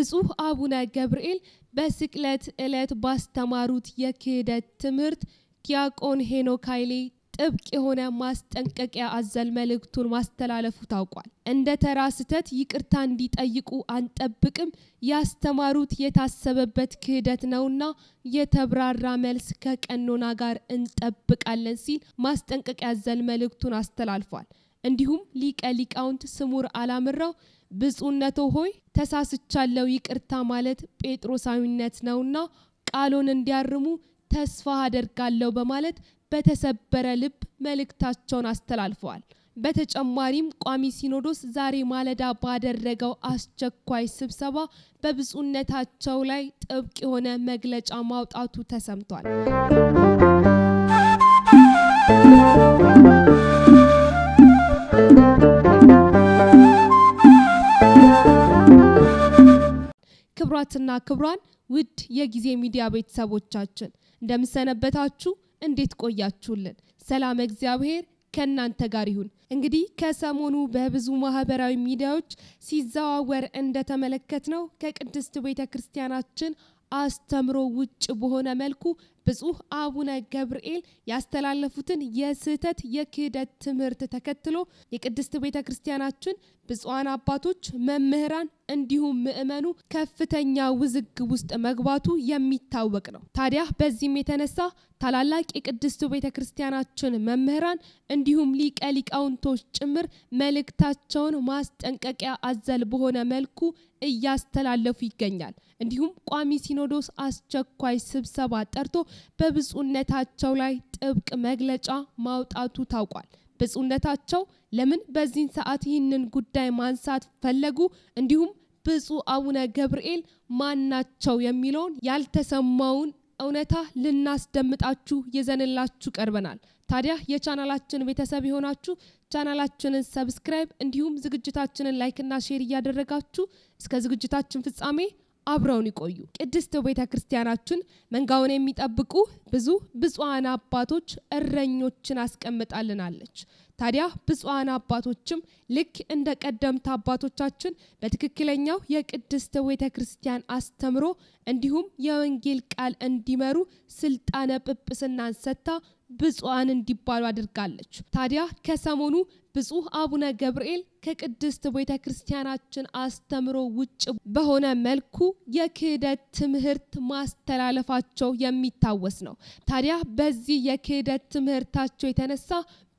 ብፁዕ አቡነ ገብርኤል በስቅለት ዕለት ባስተማሩት የክህደት ትምህርት ዲያቆን ሄኖክ ኃይሌ ጥብቅ የሆነ ማስጠንቀቂያ አዘል መልእክቱን ማስተላለፉ ታውቋል። እንደ ተራ ስህተት ይቅርታ እንዲጠይቁ አንጠብቅም፣ ያስተማሩት የታሰበበት ክህደት ነውና የተብራራ መልስ ከቀኖና ጋር እንጠብቃለን ሲል ማስጠንቀቂያ አዘል መልእክቱን አስተላልፏል። እንዲሁም ሊቀ ሊቃውንት ስሙር አላምራው ብፁነቶ ሆይ ተሳስቻለው ይቅርታ ማለት ጴጥሮሳዊነት ነውና ቃሎን እንዲያርሙ ተስፋ አደርጋለሁ በማለት በተሰበረ ልብ መልእክታቸውን አስተላልፈዋል። በተጨማሪም ቋሚ ሲኖዶስ ዛሬ ማለዳ ባደረገው አስቸኳይ ስብሰባ በብፁነታቸው ላይ ጥብቅ የሆነ መግለጫ ማውጣቱ ተሰምቷል። ክብሯትና ክብሯን ውድ የጊዜ ሚዲያ ቤተሰቦቻችን እንደምሰነበታችሁ፣ እንዴት ቆያችሁልን? ሰላም እግዚአብሔር ከእናንተ ጋር ይሁን። እንግዲህ ከሰሞኑ በብዙ ማህበራዊ ሚዲያዎች ሲዘዋወር እንደተመለከትነው ከቅድስት ቤተ ክርስቲያናችን አስተምሮ ውጭ በሆነ መልኩ ብጹህ አቡነ ገብርኤል ያስተላለፉትን የስህተት የክህደት ትምህርት ተከትሎ የቅድስት ቤተ ክርስቲያናችን ብፁዓን አባቶች መምህራን እንዲሁም ምዕመኑ ከፍተኛ ውዝግብ ውስጥ መግባቱ የሚታወቅ ነው። ታዲያ በዚህም የተነሳ ታላላቅ የቅድስት ቤተ ክርስቲያናችን መምህራን እንዲሁም ሊቀ ሊቃውንቶች ጭምር መልእክታቸውን ማስጠንቀቂያ አዘል በሆነ መልኩ እያስተላለፉ ይገኛል። እንዲሁም ቋሚ ሲኖዶስ አስቸኳይ ስብሰባ ጠርቶ በብፁዕነታቸው ላይ ጥብቅ መግለጫ ማውጣቱ ታውቋል። ብፁዕነታቸው ለምን በዚህን ሰዓት ይህንን ጉዳይ ማንሳት ፈለጉ? እንዲሁም ብፁዕ አቡነ ገብርኤል ማን ናቸው የሚለውን ያልተሰማውን እውነታ ልናስደምጣችሁ ይዘንላችሁ ቀርበናል። ታዲያ የቻናላችን ቤተሰብ የሆናችሁ ቻናላችንን ሰብስክራይብ እንዲሁም ዝግጅታችንን ላይክና ሼር እያደረጋችሁ እስከ ዝግጅታችን ፍጻሜ አብረውን ይቆዩ። ቅድስት ቤተ ክርስቲያናችን መንጋውን የሚጠብቁ ብዙ ብፁዓን አባቶች እረኞችን አስቀምጣልናለች። ታዲያ ብፁዓን አባቶችም ልክ እንደ ቀደምት አባቶቻችን በትክክለኛው የቅድስት ቤተ ክርስቲያን አስተምሮ እንዲሁም የወንጌል ቃል እንዲመሩ ስልጣነ ጵጵስናን ሰጥታ ብፁዓን እንዲባሉ አድርጋለች። ታዲያ ከሰሞኑ ብፁህ አቡነ ገብርኤል ከቅድስት ቤተ ክርስቲያናችን አስተምሮ ውጭ በሆነ መልኩ የክህደት ትምህርት ማስተላለፋቸው የሚታወስ ነው። ታዲያ በዚህ የክህደት ትምህርታቸው የተነሳ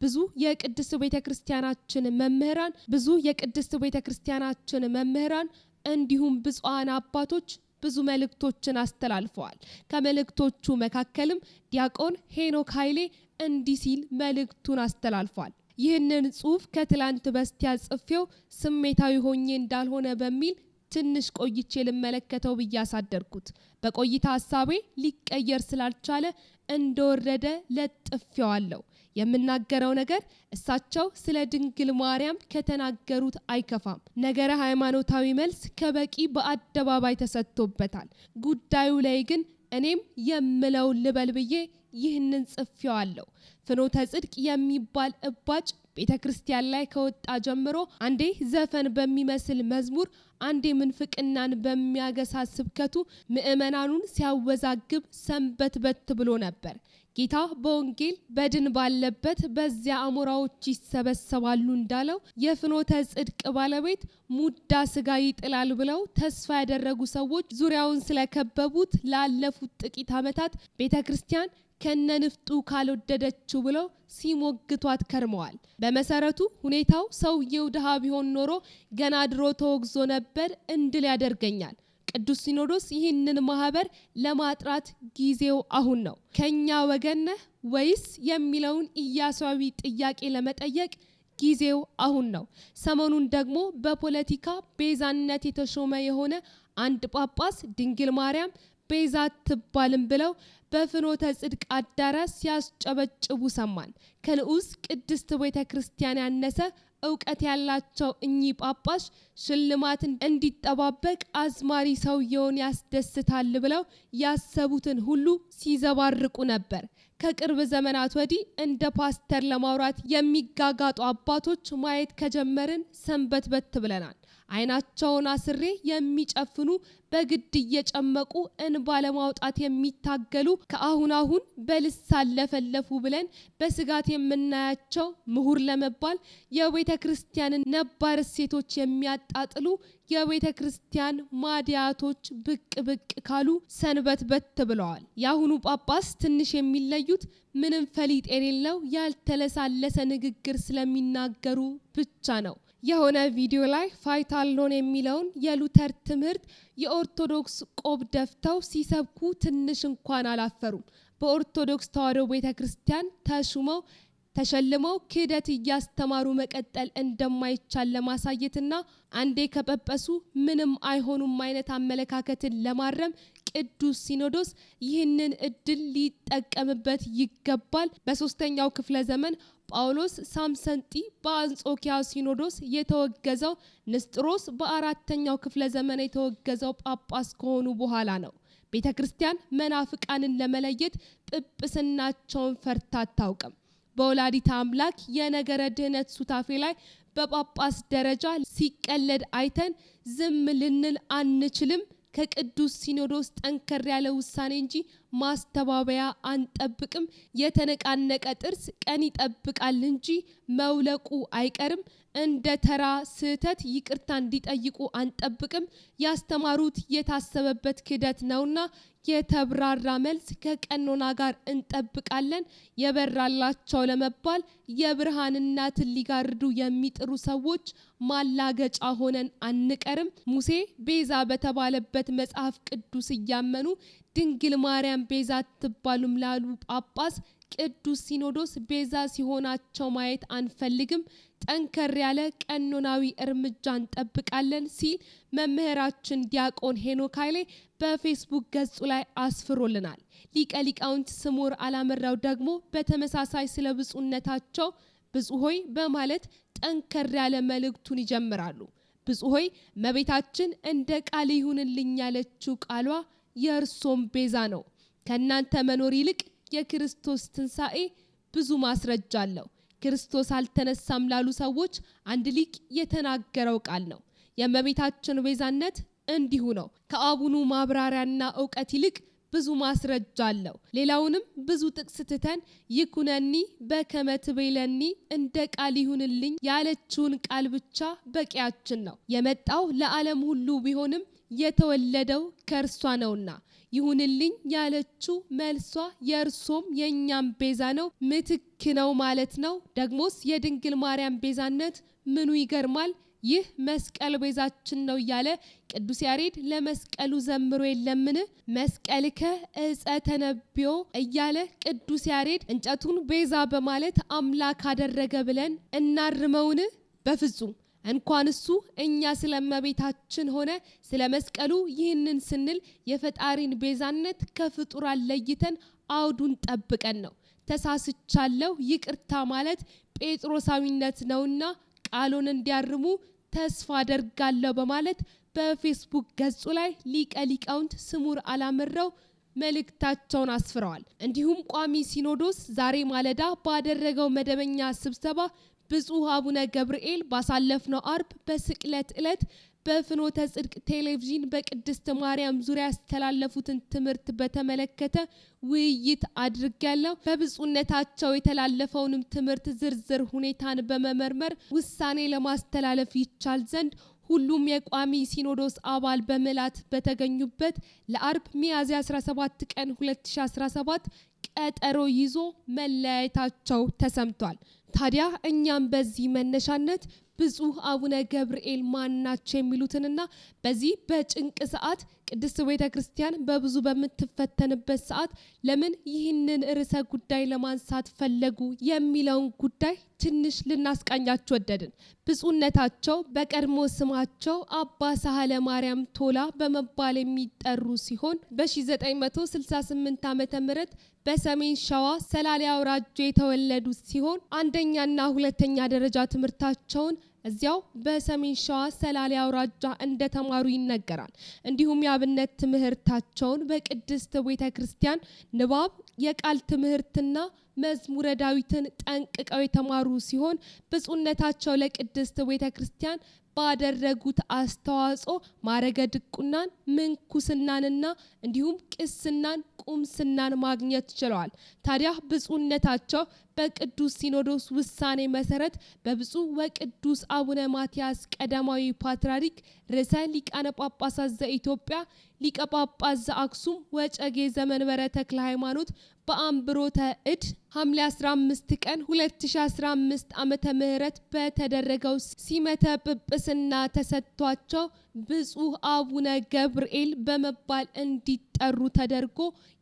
ብዙ የቅድስት ቤተ ክርስቲያናችን መምህራን ብዙ የቅድስት ቤተ ክርስቲያናችን መምህራን እንዲሁም ብፁዓን አባቶች ብዙ መልእክቶችን አስተላልፈዋል። ከመልእክቶቹ መካከልም ዲያቆን ሄኖክ ኃይሌ እንዲህ ሲል መልእክቱን አስተላልፏል። ይህንን ጽሁፍ ከትላንት በስቲያ ጽፌው ስሜታዊ ሆኜ እንዳልሆነ በሚል ትንሽ ቆይቼ ልመለከተው ብዬ አሳደርኩት። በቆይታ ሀሳቤ ሊቀየር ስላልቻለ እንደወረደ ለጥፌዋለሁ። የምናገረው ነገር እሳቸው ስለ ድንግል ማርያም ከተናገሩት አይከፋም። ነገረ ሃይማኖታዊ መልስ ከበቂ በአደባባይ ተሰጥቶበታል። ጉዳዩ ላይ ግን እኔም የምለው ልበል ብዬ ይህንን ጽፌዋለሁ። ፍኖተ ጽድቅ የሚባል እባጭ ቤተ ክርስቲያን ላይ ከወጣ ጀምሮ አንዴ ዘፈን በሚመስል መዝሙር፣ አንዴ ምንፍቅናን በሚያገሳ ስብከቱ ምእመናኑን ሲያወዛግብ ሰንበት በት ብሎ ነበር። ጌታ በወንጌል በድን ባለበት በዚያ አሞራዎች ይሰበሰባሉ እንዳለው የፍኖተ ጽድቅ ባለቤት ሙዳ ስጋ ይጥላል ብለው ተስፋ ያደረጉ ሰዎች ዙሪያውን ስለከበቡት ላለፉት ጥቂት ዓመታት ቤተ ክርስቲያን ከነ ንፍጡ ካልወደደችው ብለው ሲሞግቷት ከርመዋል። በመሰረቱ ሁኔታው ሰውየው ድሃ ቢሆን ኖሮ ገና ድሮ ተወግዞ ነበር እንድል ያደርገኛል። ቅዱስ ሲኖዶስ ይህንን ማህበር ለማጥራት ጊዜው አሁን ነው። ከኛ ወገን ነህ ወይስ የሚለውን ኢያሳዊ ጥያቄ ለመጠየቅ ጊዜው አሁን ነው። ሰሞኑን ደግሞ በፖለቲካ ቤዛነት የተሾመ የሆነ አንድ ጳጳስ ድንግል ማርያም ቤዛ አትባልም ብለው በፍኖተ ጽድቅ አዳራሽ ሲያስጨበጭቡ ሰማን። ከልዑስ ቅድስት ቤተ ክርስቲያን ያነሰ እውቀት ያላቸው እኚህ ጳጳስ ሽልማትን እንዲጠባበቅ አዝማሪ ሰውየውን ያስደስታል ብለው ያሰቡትን ሁሉ ሲዘባርቁ ነበር። ከቅርብ ዘመናት ወዲህ እንደ ፓስተር ለማውራት የሚጋጋጡ አባቶች ማየት ከጀመርን ሰንበት በት ብለናል። አይናቸውን አስሬ የሚጨፍኑ በግድ እየጨመቁ እንባ ለማውጣት የሚታገሉ ከአሁን አሁን በልሳን ለፈለፉ ብለን በስጋት የምናያቸው ምሁር ለመባል የቤተ ክርስቲያንን ነባር እሴቶች የሚያጣጥሉ የቤተ ክርስቲያን ማዲያቶች ብቅ ብቅ ካሉ ሰንበት በት ብለዋል። የአሁኑ ጳጳስ ትንሽ የሚለዩት ምንም ፈሊጥ የሌለው ያልተለሳለሰ ንግግር ስለሚናገሩ ብቻ ነው። የሆነ ቪዲዮ ላይ ፋይታሎን የሚለውን የሉተር ትምህርት የኦርቶዶክስ ቆብ ደፍተው ሲሰብኩ ትንሽ እንኳን አላፈሩም። በኦርቶዶክስ ተዋሕዶ ቤተ ክርስቲያን ተሹመው ተሸልመው ክህደት እያስተማሩ መቀጠል እንደማይቻል ለማሳየትና አንዴ ከጳጳሱ ምንም አይሆኑም አይነት አመለካከትን ለማረም ቅዱስ ሲኖዶስ ይህንን እድል ሊጠቀምበት ይገባል። በሶስተኛው ክፍለ ዘመን ጳውሎስ ሳምሰንጢ በአንጾኪያ ሲኖዶስ የተወገዘው ንስጥሮስ በአራተኛው ክፍለ ዘመን የተወገዘው ጳጳስ ከሆኑ በኋላ ነው። ቤተ ክርስቲያን መናፍቃንን ለመለየት ጵጵስናቸውን ፈርታ አታውቅም። በወላዲታ አምላክ የነገረ ድህነት ሱታፌ ላይ በጳጳስ ደረጃ ሲቀለድ አይተን ዝም ልንል አንችልም። ከቅዱስ ሲኖዶስ ጠንከር ያለ ውሳኔ እንጂ ማስተባበያ አንጠብቅም። የተነቃነቀ ጥርስ ቀን ይጠብቃል እንጂ መውለቁ አይቀርም። እንደ ተራ ስህተት ይቅርታ እንዲጠይቁ አንጠብቅም። ያስተማሩት የታሰበበት ክህደት ነውና የተብራራ መልስ ከቀኖና ጋር እንጠብቃለን። የበራላቸው ለመባል የብርሃን እናትን ሊጋርዱ የሚጥሩ ሰዎች ማላገጫ ሆነን አንቀርም። ሙሴ ቤዛ በተባለበት መጽሐፍ ቅዱስ እያመኑ ድንግል ማርያም ቤዛ አትባሉም ላሉ ጳጳስ ቅዱስ ሲኖዶስ ቤዛ ሲሆናቸው ማየት አንፈልግም፣ ጠንከር ያለ ቀኖናዊ እርምጃ እንጠብቃለን ሲል መምህራችን ዲያቆን ሄኖክ ኃይሌ በፌስቡክ ገጹ ላይ አስፍሮልናል። ሊቀ ሊቃውንት ስሙር አላመራው ደግሞ በተመሳሳይ ስለ ብፁዕነታቸው ብፁዕ ሆይ በማለት ጠንከር ያለ መልእክቱን ይጀምራሉ። ብፁዕ ሆይ መቤታችን እንደ ቃል ይሁንልኝ ያለችው ቃሏ የእርሶም ቤዛ ነው። ከእናንተ መኖር ይልቅ የክርስቶስ ትንሣኤ ብዙ ማስረጃ አለው። ክርስቶስ አልተነሳም ላሉ ሰዎች አንድ ሊቅ የተናገረው ቃል ነው። የእመቤታችን ቤዛነት እንዲሁ ነው። ከአቡኑ ማብራሪያና እውቀት ይልቅ ብዙ ማስረጃ አለው። ሌላውንም ብዙ ጥቅስ ትተን ይኩነኒ በከመ ትቤለኒ እንደ ቃል ይሁንልኝ ያለችውን ቃል ብቻ በቂያችን ነው። የመጣው ለዓለም ሁሉ ቢሆንም የተወለደው ከእርሷ ነውና ይሁንልኝ ያለችው መልሷ የእርሶም የእኛም ቤዛ ነው፣ ምትክ ነው ማለት ነው። ደግሞስ የድንግል ማርያም ቤዛነት ምኑ ይገርማል? ይህ መስቀል ቤዛችን ነው እያለ ቅዱስ ያሬድ ለመስቀሉ ዘምሮ የለምን? መስቀልከ እጸ ተነቢዮ እያለ ቅዱስ ያሬድ እንጨቱን ቤዛ በማለት አምላክ አደረገ ብለን እናርመውን? በፍጹም እንኳን እሱ እኛ ስለ እመቤታችን ሆነ ስለ መስቀሉ ይህንን ስንል የፈጣሪን ቤዛነት ከፍጡራን ለይተን አውዱን ጠብቀን ነው። ተሳስቻለሁ ይቅርታ ማለት ጴጥሮሳዊነት ነውና ቃሉን እንዲያርሙ ተስፋ አደርጋለሁ በማለት በፌስቡክ ገጹ ላይ ሊቀ ሊቃውንት ስሙር አላምረው መልእክታቸውን አስፍረዋል። እንዲሁም ቋሚ ሲኖዶስ ዛሬ ማለዳ ባደረገው መደበኛ ስብሰባ ብፁዕ አቡነ ገብርኤል ባሳለፍነው አርብ በስቅለት ዕለት በፍኖተ ጽድቅ ቴሌቪዥን በቅድስት ማርያም ዙሪያ ያስተላለፉትን ትምህርት በተመለከተ ውይይት አድርጊያለሁ። በብፁዕነታቸው የተላለፈውንም ትምህርት ዝርዝር ሁኔታን በመመርመር ውሳኔ ለማስተላለፍ ይቻል ዘንድ ሁሉም የቋሚ ሲኖዶስ አባል በመላት በተገኙበት ለአርብ ሚያዝያ 17 ቀን 2017 ቀጠሮ ይዞ መለያየታቸው ተሰምቷል። ታዲያ እኛም በዚህ መነሻነት ብፁህ አቡነ ገብርኤል ማን ናቸው የሚሉትንና በዚህ በጭንቅ ሰዓት ቅድስት ቤተ ክርስቲያን በብዙ በምትፈተንበት ሰዓት ለምን ይህንን ርዕሰ ጉዳይ ለማንሳት ፈለጉ የሚለውን ጉዳይ ትንሽ ልናስቃኛችሁ ወደድን። ብፁዕነታቸው በቀድሞ ስማቸው አባ ሳህለ ማርያም ቶላ በመባል የሚጠሩ ሲሆን በ1968 ዓ ም በሰሜን ሸዋ ሰላሌ አውራጃ የተወለዱ ሲሆን አንደኛና ሁለተኛ ደረጃ ትምህርታቸውን እዚያው በሰሜን ሸዋ ሰላሌ አውራጃ እንደተማሩ ይነገራል። እንዲሁም የአብነት ትምህርታቸውን በቅድስት ቤተ ክርስቲያን ንባብ፣ የቃል ትምህርትና መዝሙረ ዳዊትን ጠንቅቀው የተማሩ ሲሆን ብፁዕነታቸው ለቅድስት ቤተ ክርስቲያን ባደረጉት አስተዋጽኦ ማረገድቁናን፣ ድቁናን ምንኩስናንና እንዲሁም ቅስናን ቁምስናን ማግኘት ችለዋል። ታዲያ ብፁዕነታቸው በቅዱስ ሲኖዶስ ውሳኔ መሰረት በብፁዕ ወቅዱስ አቡነ ማትያስ ቀዳማዊ ፓትርያርክ ርዕሰ ሊቃነ ጳጳሳት ዘኢትዮጵያ ሊቀ ጳጳስ ዘአክሱም ወጨጌ ዘመንበረ ተክለ ሃይማኖት በአንብሮተ እድ ሐምሌ 15 ቀን 2015 ዓመተ ምህረት በተደረገው ሲመተ ጵጵስና ተሰጥቷቸው ብፁዕ አቡነ ገብርኤል በመባል እንዲጠሩ ተደርጎ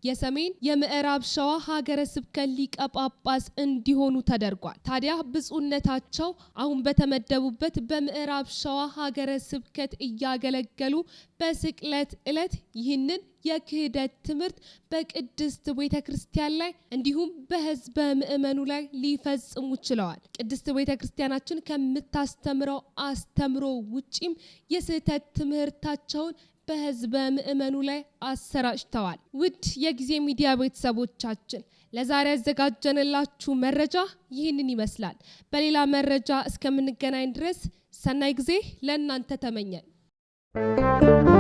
የሰሜን የምዕራብ ሸዋ ሀገረ ስብከት ሊቀ ጳጳስ እንዲሆኑ ተደርጓል። ታዲያ ብፁዕነታቸው አሁን በተመደቡበት በምዕራብ ሸዋ ሀገረ ስብከት እያገለገሉ በስቅለት ዕለት ይህንን የክህደት ትምህርት በቅድስት ቤተ ክርስቲያን ላይ እንዲሁም በሕዝበ ምእመኑ ላይ ሊፈጽሙ ችለዋል። ቅድስት ቤተ ክርስቲያናችን ከምታስተምረው አስተምሮ ውጪም የስህተት የስህተት ትምህርታቸውን በህዝበ ምዕመኑ ላይ አሰራጭተዋል። ውድ የጊዜ ሚዲያ ቤተሰቦቻችን ለዛሬ ያዘጋጀንላችሁ መረጃ ይህንን ይመስላል። በሌላ መረጃ እስከምንገናኝ ድረስ ሰናይ ጊዜ ለእናንተ ተመኘን።